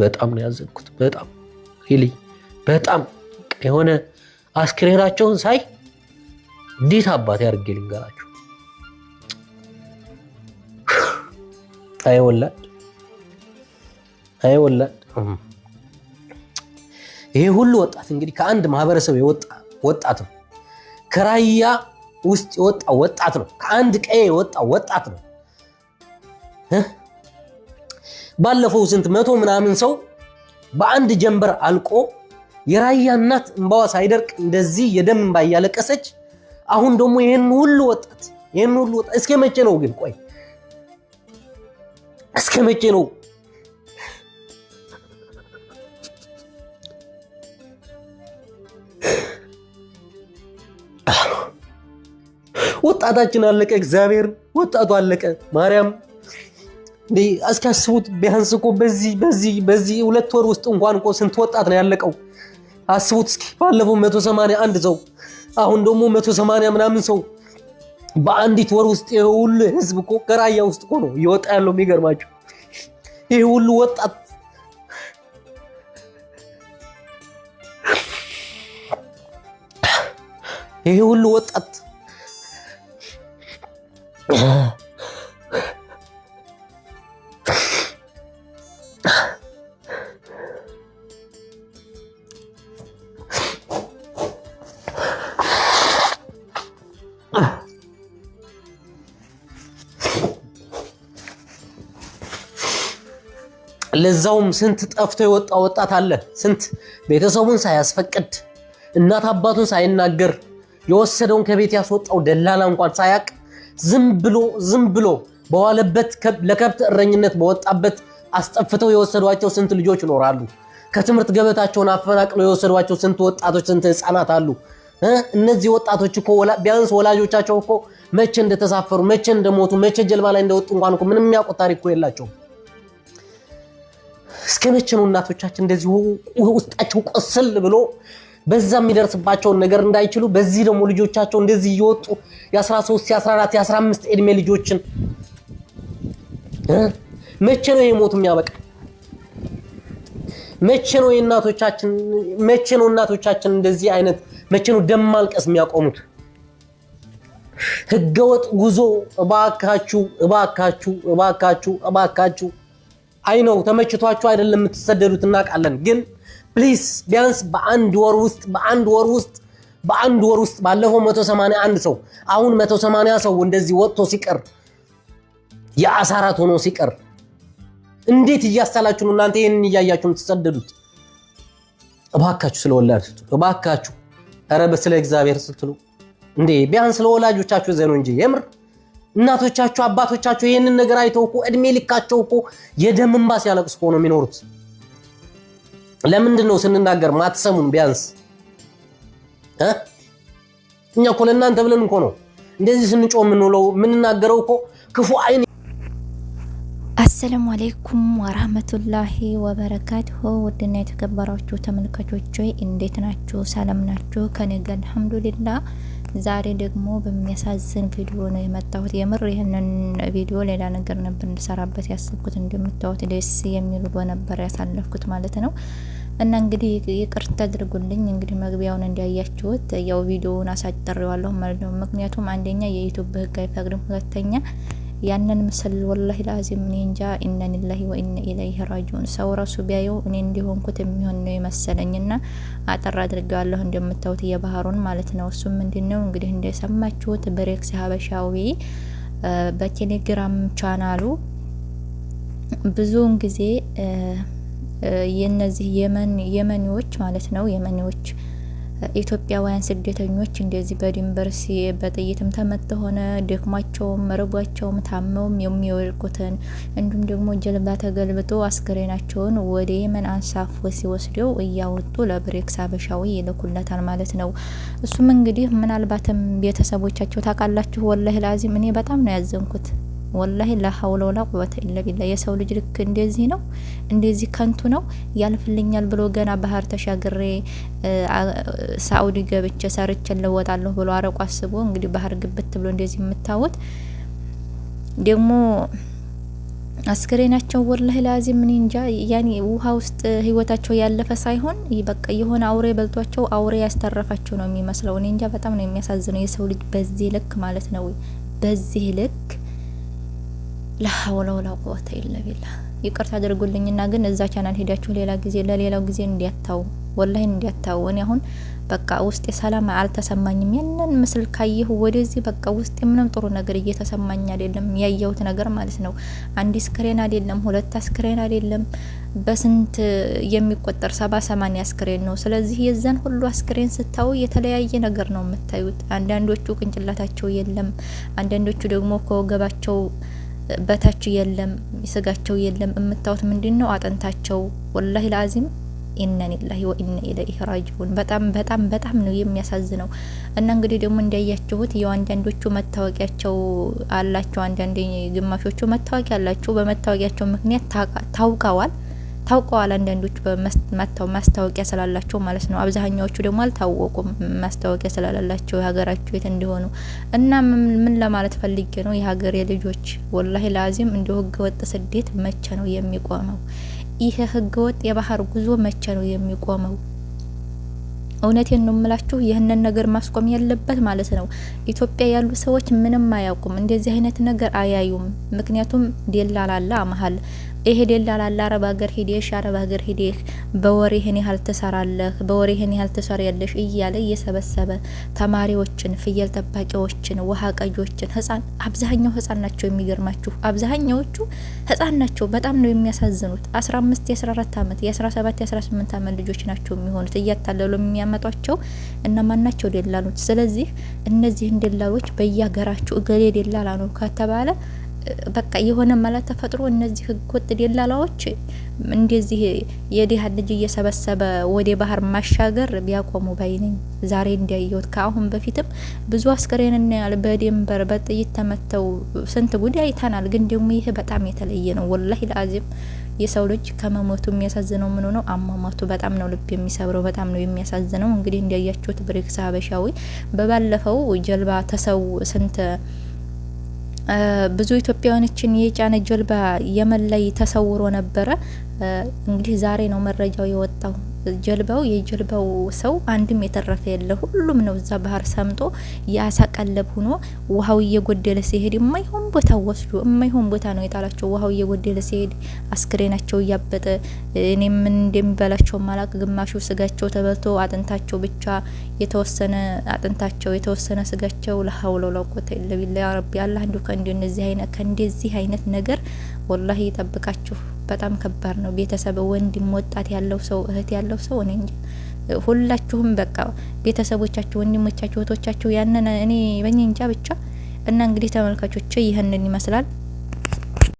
በጣም ነው ያዘንኩት። በጣም ሪሊ በጣም የሆነ አስክሬናቸውን ሳይ እንዴት አባቴ አድርጌ ልንገራቸው። አይ ወላድ፣ አይ ወላድ። ይሄ ሁሉ ወጣት እንግዲህ ከአንድ ማህበረሰብ የወጣ ወጣት ነው። ከራያ ውስጥ የወጣ ወጣት ነው። ከአንድ ቀዬ የወጣ ወጣት ነው። ባለፈው ስንት መቶ ምናምን ሰው በአንድ ጀንበር አልቆ የራያ እናት እንባዋ ሳይደርቅ እንደዚህ የደም እንባ እያለቀሰች አሁን ደግሞ ይህን ሁሉ ወጣት ይህን ሁሉ ወጣት እስከ መቼ ነው ግን? ቆይ እስከ መቼ ነው? ወጣታችን አለቀ። እግዚአብሔር ወጣቱ አለቀ። ማርያም እስኪ አስቡት ቢያንስ እኮ በዚህ በዚህ በዚህ ሁለት ወር ውስጥ እንኳን እኮ ስንት ወጣት ነው ያለቀው? አስቡት እስኪ ባለፈው 181 ሰው አሁን ደግሞ 180 ምናምን ሰው በአንዲት ወር ውስጥ ይሄ ሁሉ ህዝብ እኮ ገራያ ውስጥ እኮ ነው እየወጣ ያለው። የሚገርማቸው ይህ ሁሉ ወጣት ይሄ ሁሉ ወጣት ለዛውም ስንት ጠፍቶ የወጣ ወጣት አለ። ስንት ቤተሰቡን ሳያስፈቅድ እናት አባቱን ሳይናገር የወሰደውን ከቤት ያስወጣው ደላላ እንኳን ሳያቅ ዝም ብሎ ዝም ብሎ በዋለበት ለከብት እረኝነት በወጣበት አስጠፍተው የወሰዷቸው ስንት ልጆች ይኖራሉ። ከትምህርት ገበታቸውን አፈናቅለው የወሰዷቸው ስንት ወጣቶች፣ ስንት ህፃናት አሉ። እነዚህ ወጣቶች እኮ ቢያንስ ወላጆቻቸው እኮ መቼ እንደተሳፈሩ፣ መቼ እንደሞቱ፣ መቼ ጀልባ ላይ እንደወጡ እንኳን ምንም የሚያውቁት ታሪክ የላቸውም። እስከ መቼ ነው እናቶቻችን እንደዚህ ውስጣቸው ቆስል ብሎ በዛ የሚደርስባቸውን ነገር እንዳይችሉ በዚህ ደግሞ ልጆቻቸው እንደዚህ እየወጡ የ13 የ14 የ15 ዕድሜ ልጆችን መቼ ነው የሞቱ ሞት የሚያበቃ? መቼ ነው የእናቶቻችን መቼ ነው እናቶቻችን እንደዚህ አይነት መቼ ነው ደም ማልቀስ የሚያቆሙት? ህገወጥ ጉዞ እባካችሁ እባካችሁ እባካችሁ እባካችሁ አይነው ተመችቷችሁ አይደለም የምትሰደዱት እናውቃለን። ግን ፕሊስ ቢያንስ በአንድ ወር ውስጥ በአንድ ወር ውስጥ በአንድ ወር ውስጥ ባለፈው 181 ሰው አሁን 180 ሰው እንደዚህ ወጥቶ ሲቀር የአሳራት ሆኖ ሲቀር እንዴት እያሳላችሁ ነው እናንተ ይህንን እያያችሁ የምትሰደዱት? እባካችሁ ስለ ስትሉ እባካችሁ፣ ረበ ስለ እግዚአብሔር ስትሉ እንዴ ቢያንስ ለወላጆቻችሁ ዘኑ እንጂ የምር እናቶቻቸው አባቶቻቸው ይህንን ነገር አይተው እኮ እድሜ ልካቸው እኮ የደም እንባ ሲያለቅስ እኮ ነው የሚኖሩት። ለምንድን ነው ስንናገር ማትሰሙን? ቢያንስ እኛ እኮ ለእናንተ ብለን እኮ ነው እንደዚህ ስንጮ የምንውለው የምንናገረው እኮ ክፉ አይን። አሰላሙ አሌይኩም ወራህመቱላሂ ወበረካቱሁ። ውድና የተከበራችሁ ተመልካቾች እንዴት ናችሁ? ሰላም ናችሁ? ከኔ ጋር አልሐምዱሊላህ ዛሬ ደግሞ በሚያሳዝን ቪዲዮ ነው የመጣሁት። የምር ይህንን ቪዲዮ ሌላ ነገር ነበር እንድሰራበት ያሰብኩት። እንደምታዩት ደስ የሚል ውሎ ነበር ያሳለፍኩት ማለት ነው። እና እንግዲህ ይቅርታ አድርጉልኝ። እንግዲህ መግቢያውን እንዲያያችሁት ያው ቪዲዮውን አሳጥሬዋለሁ ማለት ነው። ምክንያቱም አንደኛ የዩቱብ ህግ አይፈቅድም፣ ሁለተኛ ያንን ምስል ወላሂ ላዚም እኔ እንጃ ኢና ሊላሂ ወኢነ ኢለይሂ ራጂዑን ሰው ራሱ ቢያየው እኔ እንዲሆንኩት የሚሆን ነው የመሰለኝ። አጠር አድርገዋለሁ እንደምታዩት የባህሩን ማለት ነው። እሱም ምንድን እንግዲህ እንደሰማችሁት ብሬክስ ሀበሻዊ በቴሌግራም ቻናሉ ብዙውን ጊዜ የነዚህ የመን የመኒዎች ማለት ነው የመኒዎች ኢትዮጵያውያን ስደተኞች እንደዚህ በድንበር በጥይትም ተመት ሆነ ደክሟቸውም መረቧቸውም ታመውም የሚወድቁትን እንዲሁም ደግሞ ጀልባ ተገልብጦ አስክሬናቸውን ወደ የመን አንሳፎ ሲወስደው እያወጡ ለብሬክስ አበሻዊ ይልኩለታል ማለት ነው። እሱም እንግዲህ ምናልባትም ቤተሰቦቻቸው ታውቃላችሁ፣ ወላህ ላዚም እኔ በጣም ነው ያዘንኩት። ወላሂ ላሀውለ ወላ ቁወተ ኢላ ቢላ። የሰው ልጅ ልክ እንደዚህ ነው፣ እንደዚህ ከንቱ ነው። ያልፍልኛል ብሎ ገና ባህር ተሻግሬ ሳኡዲ ገብቼ ሰርቼ እለወጣለሁ ብሎ አረቆ አስቦ እንግዲህ ባህር ግብት ብሎ እንደዚህ የምታወት ደግሞ አስክሬናቸው ወላሂ ላዚም ምን እንጃ ያኔ ውሃ ውስጥ ህይወታቸው ያለፈ ሳይሆን በቃ የሆነ አውሬ በልቷቸው አውሬ ያስተረፋቸው ነው የሚመስለው። እኔ እንጃ በጣም ነው የሚያሳዝነው የሰው ልጅ በዚህ ልክ ማለት ነው በዚህ ልክ ለሀውለ ወላ ቁወተ ኢላ ቢላህ። ይቅርታ አድርጉልኝና ግን እዛ ቻናል ሄዳችሁ ሌላ ጊዜ ለሌላው ጊዜ እንዲያታው ወላሂ እንዲያታው። እኔ አሁን በቃ ውስጤ ሰላም አልተሰማኝም። ያንን ምስል ካየሁ ወደዚህ በቃ ውስጤ ምንም ጥሩ ነገር እየተሰማኝ አይደለም። ያየሁት ነገር ማለት ነው። አንድ አስክሬን አይደለም፣ ሁለት አስክሬን አይደለም፣ በስንት የሚቆጠር ሰባ ሰማንያ አስክሬን ነው። ስለዚህ የዛን ሁሉ አስክሬን ስታዩ የተለያየ ነገር ነው የምታዩት። አንዳንዶቹ ቅንጭላታቸው የለም፣ አንዳንዶቹ ደግሞ ከወገባቸው በታች የለም ስጋቸው የለም። የምታዩት ምንድን ነው አጥንታቸው። ወላሂ ለአዚም ኢና ሊላሂ ኢለይሂ ራጂዑን። በጣም በጣም በጣም ነው የሚያሳዝነው። እና እንግዲህ ደግሞ እንዳያችሁት ያው አንዳንዶቹ መታወቂያቸው አላቸው፣ አንዳንድ ግማሾቹ መታወቂያ አላቸው። በመታወቂያቸው ምክንያት ታውቀዋል። ታውቀዋል። አንዳንዶቹ በመተው ማስታወቂያ ስላላቸው ማለት ነው። አብዛኛዎቹ ደግሞ አልታወቁም ማስታወቂያ ስላላቸው የሀገራቸው የት እንደሆኑ እና ምን ለማለት ፈልጌ ነው የሀገሬ ልጆች ወላሂ ላዚም እንደ ህገወጥ ስደት መቼ ነው የሚቆመው? ህገ ህገወጥ የባህር ጉዞ መቼ ነው የሚቆመው? እውነቴን ነው የምላችሁ፣ ይህንን ነገር ማስቆም ያለበት ማለት ነው። ኢትዮጵያ ያሉ ሰዎች ምንም አያውቁም፣ እንደዚህ አይነት ነገር አያዩም። ምክንያቱም ዴላላላ መሀል ይሄ ደላላላ አለ አረብ ሀገር ሂደሽ አረብ ሀገር ሂደህ በወሬ ይህን ያህል ትሰራለህ፣ በወሬ ይህን ያህል ትሰሪያለሽ እያለ እየሰበሰበ ተማሪዎችን፣ ፍየል ጠባቂዎችን፣ ውሃ ቀጆችን፣ ህጻን አብዛኛው ህጻን ናቸው። የሚገርማችሁ አብዛኛዎቹ ህጻን ናቸው። በጣም ነው የሚያሳዝኑት። አስራ አምስት የአስራ አራት አመት የአስራ ሰባት የአስራ ስምንት አመት ልጆች ናቸው የሚሆኑት እያታለሉ የሚያመጧቸው እነማን ናቸው? ደላሎች። ስለዚህ እነዚህን ደላሎች በያገራችሁ እገሌ ደላላ ነው ከተባለ በቃ የሆነ መላ ተፈጥሮ እነዚህ ህገወጥ ደላላዎች እንደዚህ የድሀ ልጅ እየሰበሰበ ወደ ባህር ማሻገር ቢያቆሙ ባይነኝ። ዛሬ እንዲያየሁት ከአሁን በፊትም ብዙ አስክሬን እናያል። በድንበር በጥይት ተመተው ስንት ጉድ አይተናል። ግን ደግሞ ይህ በጣም የተለየ ነው። ወላሂ ለአዚም የሰው ልጅ ከመሞቱ የሚያሳዝነው ምን ነው? አሟሟቱ በጣም ነው ልብ የሚሰብረው፣ በጣም ነው የሚያሳዝነው። እንግዲህ እንዲያያችሁት ብሬክስ ሀበሻዊ በባለፈው ጀልባ ተሰው ስንት ብዙ ኢትዮጵያውያኖችን የጫነ ጀልባ የመን ላይ ተሰውሮ ነበረ። እንግዲህ ዛሬ ነው መረጃው የወጣው። ጀልባው የጀልባው ሰው አንድም የተረፈ የለ፣ ሁሉም ነው እዛ ባህር ሰምጦ የአሳ ቀለብ ሆኖ ውሀው እየጎደለ ሲሄድ የማይሆን ቦታ ወስዶ የማይሆን ቦታ ነው የጣላቸው። ውሃው እየጎደለ ሲሄድ አስክሬናቸው እያበጠ እኔ ምን እንደሚበላቸው ማላቅ፣ ግማሹ ስጋቸው ተበልቶ አጥንታቸው ብቻ የተወሰነ አጥንታቸው የተወሰነ ስጋቸው ለሀውሎ ለቆተ ለቢላ ረቢ አላህ እንዲሁ ከእንዲ እነዚህ አይነት ከእንደዚህ አይነት ነገር ወላሂ ይጠብቃችሁ። በጣም ከባድ ነው። ቤተሰብ ወንድም፣ ወጣት ያለው ሰው፣ እህት ያለው ሰው እኔ እንጂ ሁላችሁም በቃ ቤተሰቦቻችሁ፣ ወንድሞቻችሁ፣ እህቶቻችሁ ያንን እኔ በእኔ እንጃ ብቻ እና እንግዲህ ተመልካቾች ይህንን ይመስላል።